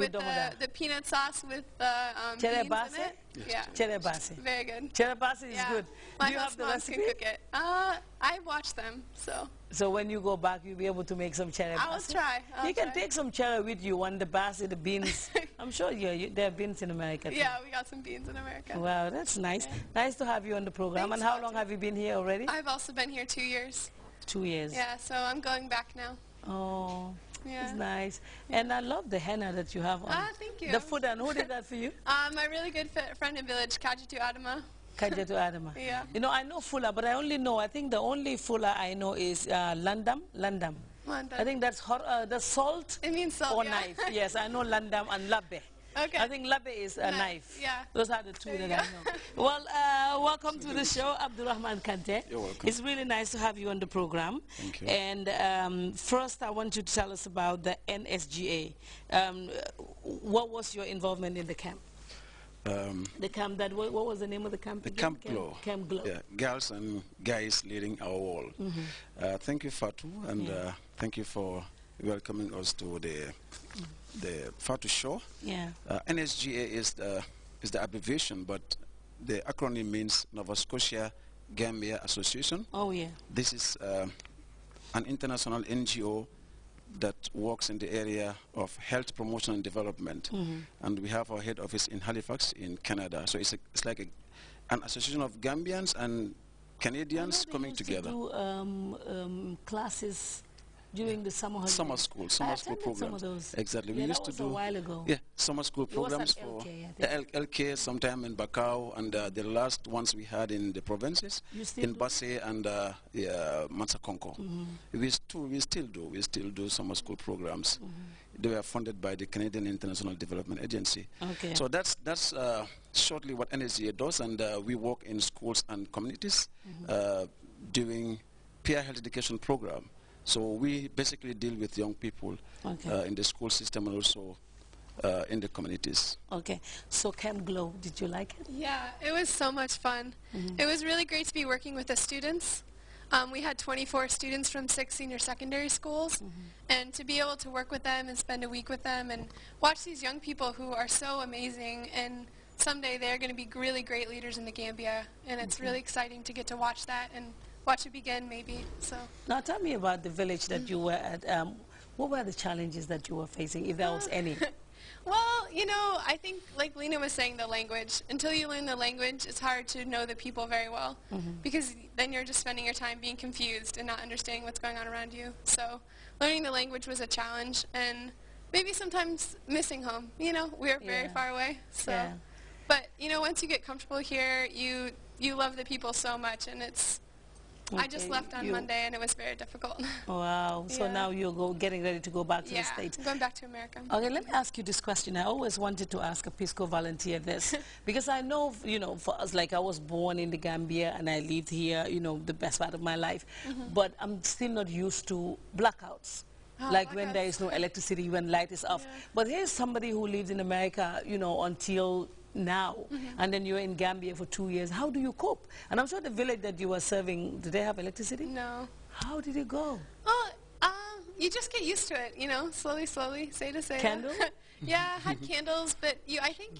with the, the, peanut sauce with the uh, um, Chere beans in it. Yeah. yeah. Cherebasi. Very good. Cherebasi is yeah. good. My Do you have the recipe? can cook it. Uh, I watch them, so. So when you go back, you'll be able to make some cherry. I'll try. I'll you can take some Chile with you, when the basi, the beans. I'm sure you, you, there are beans in America. Too. Yeah, we got some beans in America. Wow, that's nice. Yeah. Nice to have you on the program. Thanks, and how long have you been here already? I've also been here two years. Two years. Yeah, so I'm going back now. Oh. Yeah. It's nice. And I love the henna that you have on. Ah, thank you. The food and who did that for you? uh, my um, really good friend in village, Kajitu Adama. Kajitu Adama. Yeah. You know, I know Fula, but I only know, I think the only Fula I know is uh, Landam. Landam. Landam. I think that's hot, uh, the salt. It means salt, or yeah. knife. yes, I know Landam and Labbe. Okay. I think labe is a knife. Yeah. Those are the two that I know. Well, uh, welcome so to the show, Abdulrahman Kante. You're welcome. It's really nice to have you on the program. Thank you. And um, first, I want you to tell us about the NSGA. Um, what was your involvement in the camp? Um, the camp that what, what, was the name of the camp? The Camp Glow. Camp, Glow. Yeah, girls and guys leading our world. Mm -hmm. uh, thank you, Fatu, and yeah. uh, thank you for welcoming us to the the Fatu Show. Yeah. Uh, NSGA is the is the abbreviation, but the acronym means Nova Scotia Gambia Association. Oh yeah. This is uh, an international NGO that works in the area of health promotion and development, mm -hmm. and we have our head office in Halifax in Canada. So it's a, it's like a, an association of Gambians and Canadians coming together. To do um, um, classes during the summer holiday. Summer school, summer school programs. Exactly. Yeah, we used to do a while ago. Yeah, summer school programs for LK, LK sometime in Bacau, and uh, the last ones we had in the provinces in Basse and uh, yeah, Mansakonko. Mm -hmm. we, still, we still do. We still do summer school programs. Mm -hmm. They were funded by the Canadian International Development Agency. Okay. So that's that's uh, shortly what NSGA does, and uh, we work in schools and communities mm -hmm. Uh, doing peer health education program. So we basically deal with young people okay. uh, in the school system and also uh, in the communities. Okay, so Camp Glow, did you like it? Yeah, it was so much fun. Mm -hmm. It was really great to be working with the students. Um, we had 24 students from six senior secondary schools, mm -hmm. and to be able to work with them and spend a week with them and watch these young people who are so amazing and someday they're going to be really great leaders in the Gambia, and it's mm -hmm. really exciting to get to watch that and watch begin, maybe. So now, tell me about the village that you were at. Um, what were the challenges that you were facing, if there uh, was ah. any? well, you know, I think, like Lena was saying, the language. Until you learn the language, it's hard to know the people very well, mm -hmm. because then you're just spending your time being confused and not understanding what's going on around you. So, learning the language was a challenge, and maybe sometimes missing home. You know, we are yeah. very far away, so. Yeah. But you know, once you get comfortable here, you you love the people so much, and it's Okay. I just left on you, Monday and it was very difficult. Wow. So yeah. now you're go, getting ready to go back to yeah, the States. I'm going back to America. Okay, let me ask you this question. I always wanted to ask a PISCO volunteer this because I know, you know, for us, like I was born in the Gambia and I lived here, you know, the best part of my life, mm -hmm. but I'm still not used to blackouts. Oh, like when there is no electricity, when light is off. Yeah. But here's somebody who lived in America, you know, until now mm -hmm. and then you're in Gambia for two years. How do you cope? And I'm sure the village that you were serving, did they have electricity? No. How did it go? Oh, uh, you just get used to it, you know, slowly, slowly, say to say. Candle? yeah, I had candles, but you, I think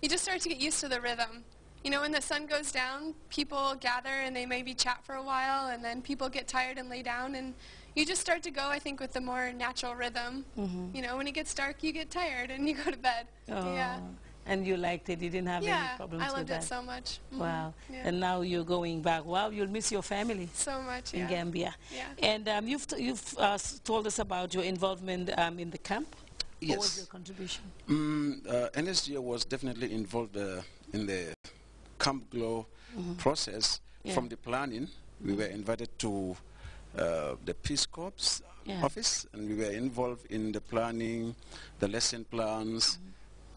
you just start to get used to the rhythm. You know, when the sun goes down, people gather and they maybe chat for a while, and then people get tired and lay down, and you just start to go, I think, with the more natural rhythm. Mm -hmm. You know, when it gets dark, you get tired and you go to bed. Oh. Yeah. And you liked it. You didn't have yeah, any problems with that. I loved it so much. Mm-hmm. Wow. Yeah. And now you're going back. Wow, you'll miss your family. So much. Yeah. In Gambia. Yeah. And um, you've you've uh, told us about your involvement um, in the camp. Yes. What was your contribution? Mm, uh, NSGO was definitely involved uh, in the Camp Glow mm -hmm. process. From the planning, we were invited to uh, the Peace Corps office, and we were involved in the planning, the lesson plans. -hmm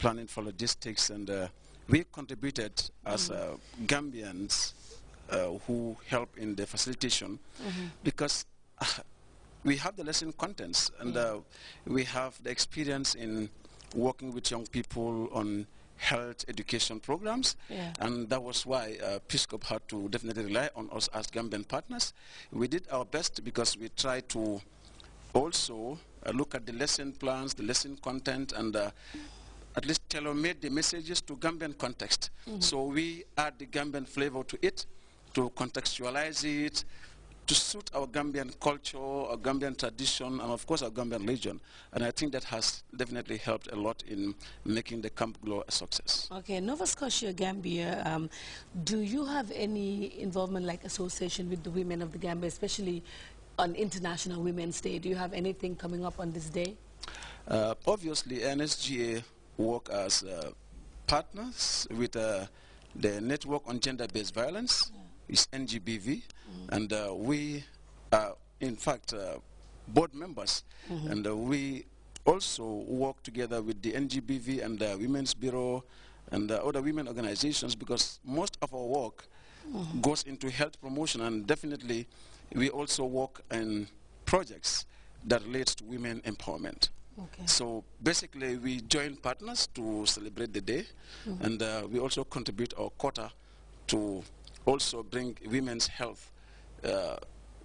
planning for logistics, and uh, we contributed as mm-hmm. uh, Gambians uh, who help in the facilitation mm -hmm. because uh, we have the lesson contents and uh, we have the experience in working with young people on health education programs yeah. and that was why uh, Peace Corps had to definitely rely on us as Gambian partners. We did our best because we tried to also uh, look at the lesson plans, the lesson content and uh, at least tailor-made the messages to Gambian context. Mm -hmm. So we add the Gambian flavor to it, to contextualize it, to suit our Gambian culture, our Gambian tradition, and of course our Gambian religion. And I think that has definitely helped a lot in making the Camp Glow a success. Okay, Nova Scotia, Gambia, um, do you have any involvement like association with the women of the Gambia, especially on International Women's Day? Do you have anything coming up on this day? Uh, obviously, NSGA work as uh, partners with uh, the Network on Gender-Based Violence, yeah. it's NGBV, mm -hmm. and uh, we are, in fact, board members, mm -hmm. and we also work together with the NGBV and the Women's Bureau and uh, other women organizations because most of our work mm -hmm. goes into health promotion and definitely we also work in projects that relates to women empowerment. Okay. So basically, we join partners to celebrate the day, mm -hmm. and uh, we also contribute our quota to also bring women's health uh,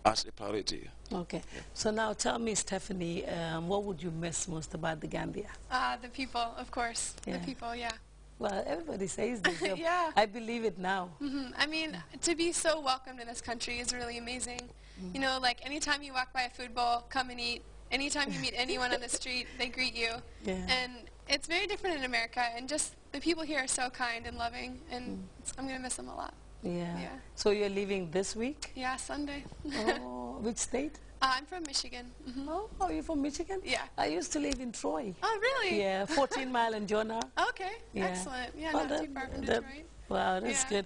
as a priority. Okay. Yeah. So now tell me, Stephanie, um, what would you miss most about the Gambia? Uh, the people, of course. Yeah. The people, yeah. Well, everybody says this. yeah. I believe it now. Mm -hmm. I mean, to be so welcomed in this country is really amazing. Mm -hmm. You know, like anytime you walk by a food bowl, come and eat, Anytime you meet anyone on the street, they greet you. Yeah. And it's very different in America, and just the people here are so kind and loving, and mm. I'm going to miss them a lot. Yeah. yeah. So you're leaving this week? Yeah, Sunday. oh, which state? Uh, I'm from Michigan. Mm -hmm. Oh, you're from Michigan? Yeah. I used to live in Troy. Oh, really? Yeah, 14 mile and Jonah. Okay, yeah. excellent. Yeah, oh, not that, too far from that, Detroit. Wow, that's yeah. good.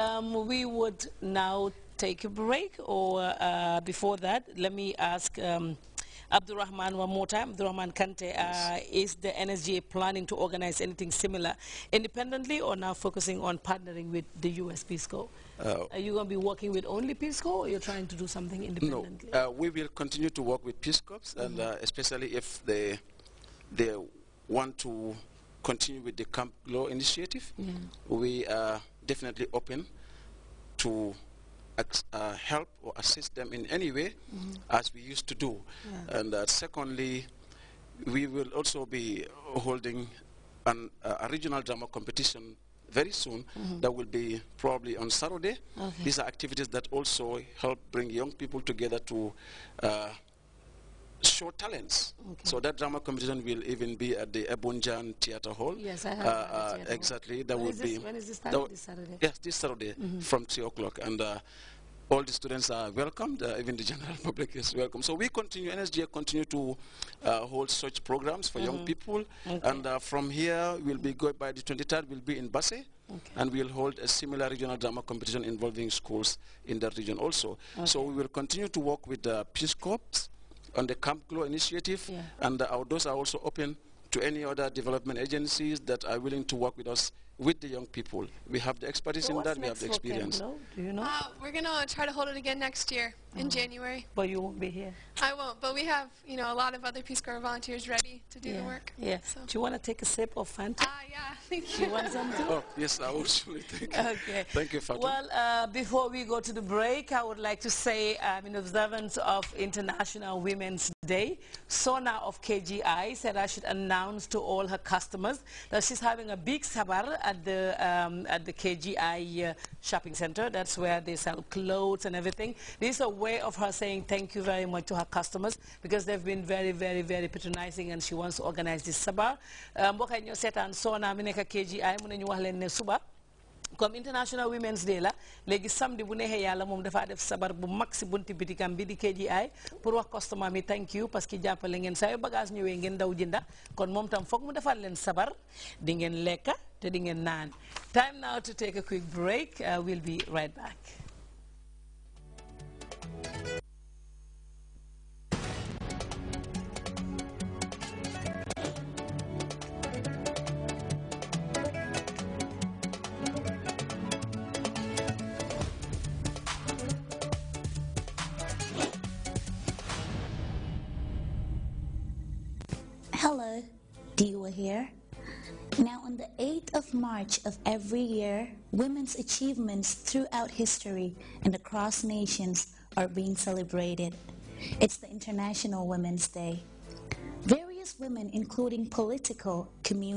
Um, we would now take a break, or uh, before that, let me ask... Um, Abdurrahman Wamota, Abdurrahman Kante, uh, is the NSGA planning to organize anything similar independently or now focusing on partnering with the U.S. Peace Corps? Uh, Are you going to be working with only Peace Corps or you're trying to do something independently? No, uh, we will continue to work with Peace Corps mm -hmm. and mm-hmm. uh, especially if they, they want to continue with the Camp Law Initiative. Yeah. We are definitely open to uh, help or assist them in any way mm -hmm. as we used to do. Yeah. And uh, secondly, we will also be holding an, uh, a regional drama competition very soon mm -hmm. that will be probably on Saturday. Okay. These are activities that also help bring young people together to uh, show talents. Okay. So that drama competition will even be at the Ebunjan Theatre Hall. Yes, I have. Uh, uh, exactly. That when will this, be. When is this, Saturday, this Saturday? Yes, this Saturday mm -hmm. from three o'clock, and uh, all the students are welcomed, uh, even the general public is welcome. So we continue, NSGA continue to uh, hold such programs for mm -hmm. young mm-hmm. people. Okay. And uh, from here, we'll be going by the 23rd, we'll be in Basse. Okay. And we'll hold a similar regional drama competition involving schools in that region also. Okay. So we will continue to work with the uh, Peace Corps on the Camp Glow initiative, yeah. and our doors are also open to any other development agencies that are willing to work with us with the young people. We have the expertise so in that, we have the experience. Camp Do you know? Uh, we're going to try to hold it again next year in mm-hmm. January. But you won't be here. I won't, but we have, you know, a lot of other Peace Corps volunteers ready to do yeah. the work. Yeah. So. Do you want to take a sip of Fanta? Ah, yeah, thank you. you want something. Oh, yes, I absolutely. Thank you. Okay. Thank you, Fanta. Well, uh, before we go to the break, I would like to say, um, in observance of International Women's Day, Sona of KGI said I should announce to all her customers that she's having a big sabar at the, um, at the KGI uh, shopping center. That's where they sell clothes and everything. These are way of her saying thank you very much to her customers because they've been very very very patronizing and she wants to organize this saba uh, mbokk yi ñoo seetaan Sona mi nekk KGI mu ne ñu ne suba comme International Women's Day la léegi samedi bu neexee yàlla moom dafaa def sabar bu maxi si bunti bitikam bi di KGI pour wax customer mi thank you parce japa jàppale saya saa yu bagage ñëwee ngeen jënda kon moom tam foog mu defal leen sabar Dingen leka, te time now to take a quick break uh, we'll be right back Hello, Diwa here. Now on the 8th of March of every year, women's achievements throughout history and across nations are being celebrated. It's the International Women's Day. Various women, including political, community,